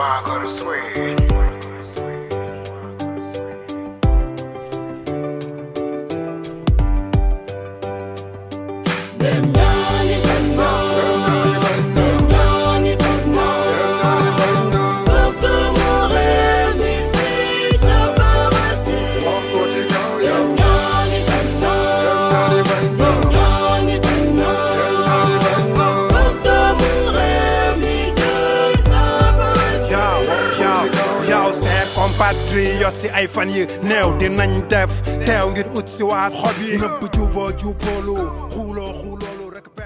why I go to sweat. Them patriote si ay fan yi neew dinañ def teew ngir ut si waat xob yi nëbb juboo juboolu xuuloo xuuloolu rek